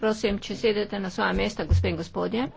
prosim če sedete na svoja mesta gospe in gospodje